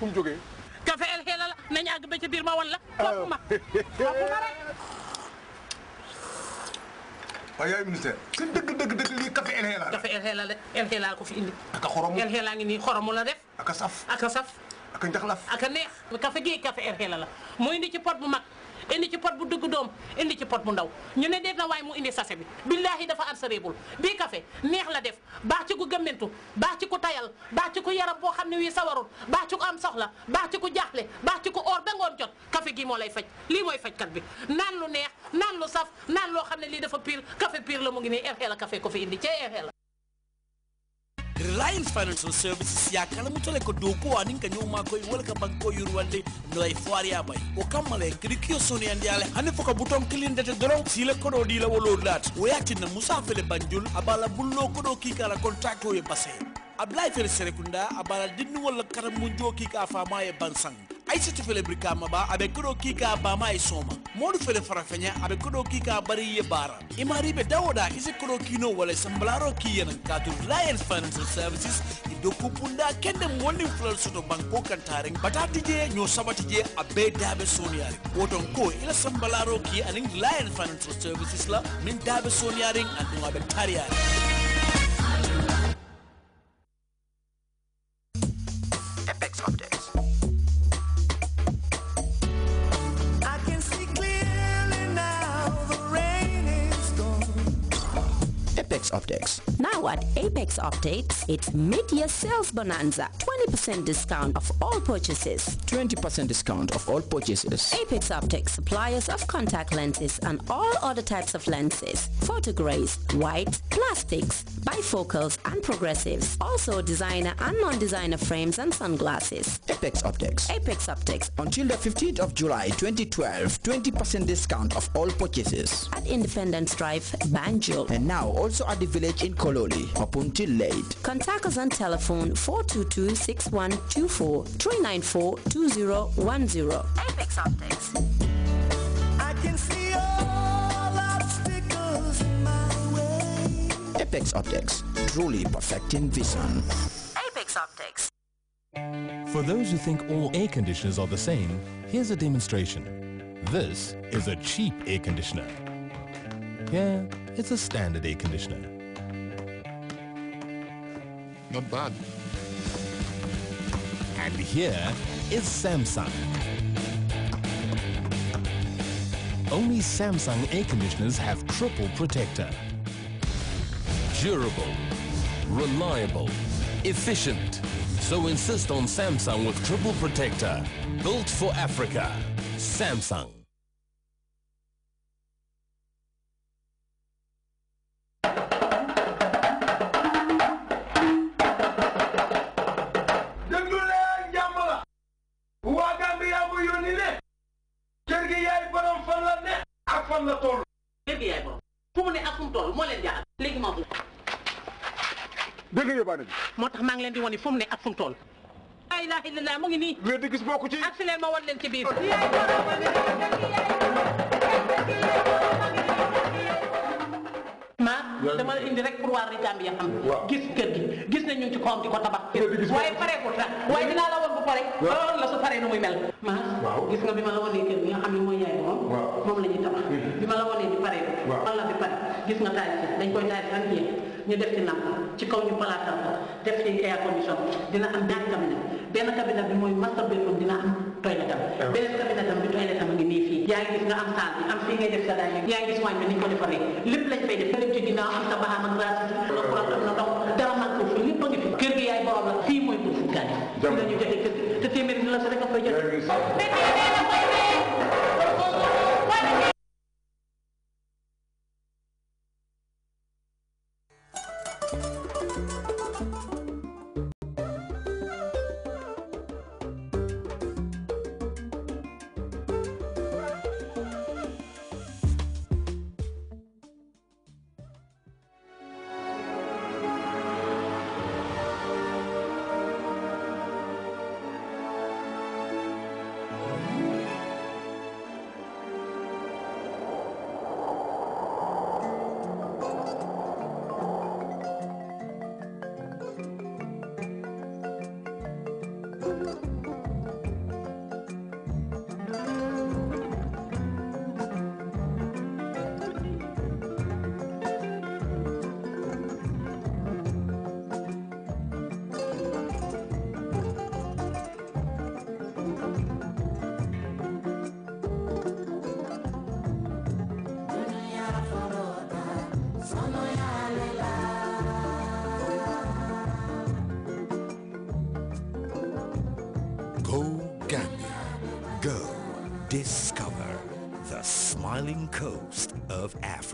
fu mu jógee. kafe el xeela la nañu àgg ba ca biir ma wan la. Ah. topp ma topp ma rek. dëgg dëgg dëgg lii kafe el xeela kafe el xeela el xeela ko fi indi. ak a xorom el xeela ngi nii xoromu la def. aka a saf ak a saf. ak a njaxlaf ak neex. kafe gii kafe el xeela la mooy indi ci pot bu ma indi ci pot bu dugg doom indi ci pot bu ndaw ñu ne deet na waaye mu indi sachet bi billaahi dafa ansareebul bii café neex la def baax ci ku gëmmentu baax ci ku tayal baax ci ku yaram boo xam ne wii sawarul baax ci ku am soxla baax ci ku jaaxle baax ci ku or ba jot kafe gi moo lay faj lii mooy fajkat bi naan lu neex naan lu saf naan loo xam ne lii dafa piir café piir la mu ngi nii RL la café ko fi indi cee RL la reliance financial services ya kala mutole ko doko anin ka nyoma ko wala ka banko yurwande no ay foari abay o kamale klikio soni andiale hanen foka buton kilin dete doron sile koɗo ɗila dila wolo lat o yatin musa fele banjul abala bullo koɗo do kikala contact o ye passé ablaye fele serekunda abala dinnu walla kata munjo kika fama ye bansang aissatu fele birikama ba abe kodo kika bama e soma modu fele farafenya abe kodo kika bari ye bara imari be dawoda ise kodo kino wala sambalaro kiyen katu lion financial services ido kupunda kende woni fulal soto banko kantaren batati je ño sabati je a abe dabe soniyari woton ko ila sambalaro ki anin lion financial services la min dabe soniyari andu abe tariyari Apex Optics. Now at Apex Optics, it's mid-year sales bonanza. 20% discount of all purchases. 20% discount of all purchases. Apex Optics, suppliers of contact lenses and all other types of lenses. Photograys, white, plastics, bifocals and progressives. Also designer and non-designer frames and sunglasses. Apex Optics. Apex Optics. Until the 15th of July 2012, 20% discount of all purchases. At Independence Drive, Banjul. And now also at the village in Kololi up until late. Contact us on telephone 422-6124 394-2010. Apex Optics. Apex Optics, truly perfecting vision. Apex Optics. For those who think all air conditioners are the same, here's a demonstration. This is a cheap air conditioner. Here, it's a standard air conditioner. Not bad. And here is Samsung. Only Samsung air conditioners have triple protector. Durable, reliable, efficient. So insist on Samsung with triple protector. Built for Africa. Samsung. dégg nga yóbbaane moo tax maa ngi leen di woni ne ak fu mu toll laa ilaaha illallaah mu ngi nii wér di gis bokku ci ak si leen ma won leen ci biir dama la indi rek pour waa Gambia xam gis kër gi gis nañ ñu ngi ci koom di ko tabax waaye pareegul sax waaye dinaa la woon bu pare ba woon la su paree nu muy mel ma gis nga bi ma la wonee kër gi nga xam ne mooy yaay moom la ñuy mm-hmm. bi ma la wonee di pare man la bi pare gis nga taari si dañ koy taari fan yéen ñu def ci namp ci kaw ñu palaatal ko def ci air condition dina am ñaari cabinet benn cabinet bi mooy master bedroom dina am toilette am ah. beneen cabinet bi toilette am ngi yaa ngi gis nga am saal am fii ngay def sa daay yaa ngi gis waañ bi niñ ko defaree lépp lañ fay def lépp ci ginnaaw am sa baxam ak raas na courant am na ndox dara man ko fi lépp a ngi fi kër gi ba borom la fii mooy pour fu gaani lañu joxe kër gi te téeméer ni la sa rek a koy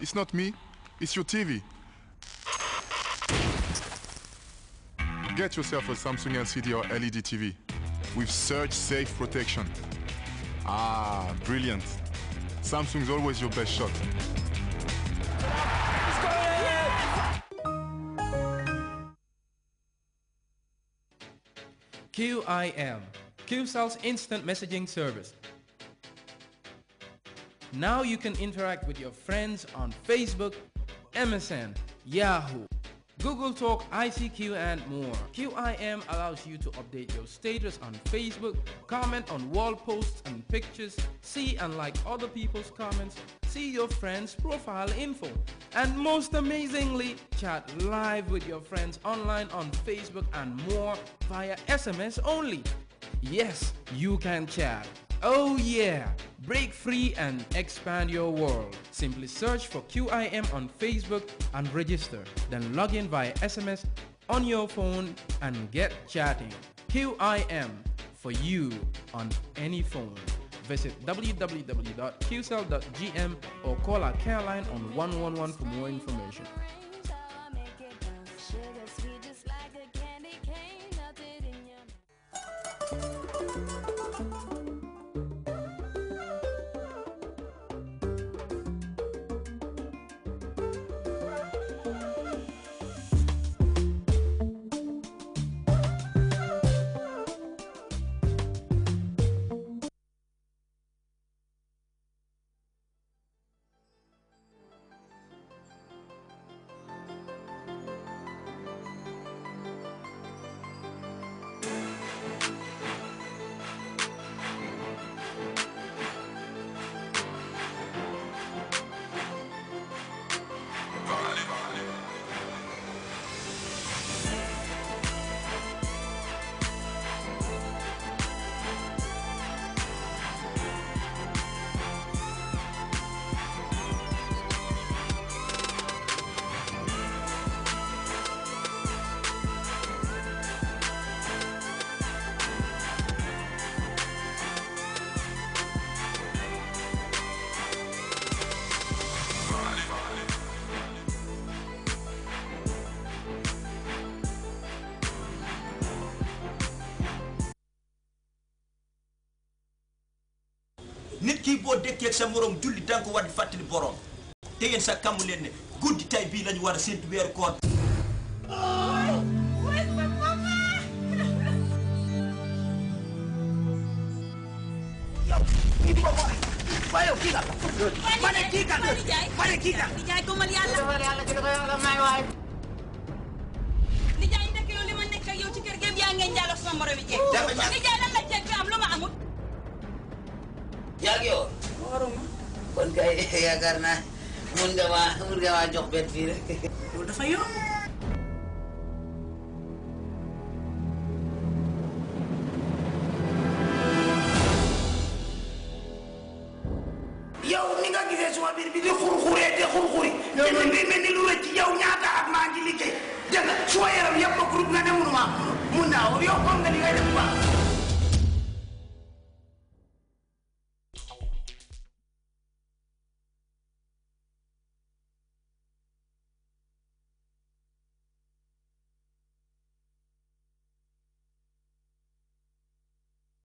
It's not me, it's your TV. Get yourself a Samsung LCD or LED TV with Surge Safe Protection. Ah, brilliant. Samsung's always your best shot. QIM, QCell's instant messaging service. Now you can interact with your friends on Facebook, MSN, Yahoo, Google Talk, ICQ and more. QIM allows you to update your status on Facebook, comment on wall posts and pictures, see and like other people's comments, see your friends' profile info, and most amazingly, chat live with your friends online on Facebook and more via SMS only. Yes, you can chat. Oh yeah! Break free and expand your world. Simply search for QIM on Facebook and register. Then log in via SMS on your phone and get chatting. QIM for you on any phone. Visit www.qcell.gm or call our care line on 111 for more information. nit ki dekké ak sa morom julli danko wad ko di borom te yeen sa kamu len ne goudi tay bi lañu war a séntu ko yàlla may kita? nijaay ndekk yow li ma nekk yow ci sama morom yi jeeg nijaay lan la jeeg bi amut Jagyo. Warung. Kon kay ya karna mun gawa mun gawa jok bet vir. Udah sayo. yow ni nga gisee suma biir bi di xurxuree di xurxuri dene bi mel ni lu rëcc yow ñaata at maa ngi liggéey dégg suma yaram yëpp mun yow xam nga li ngay def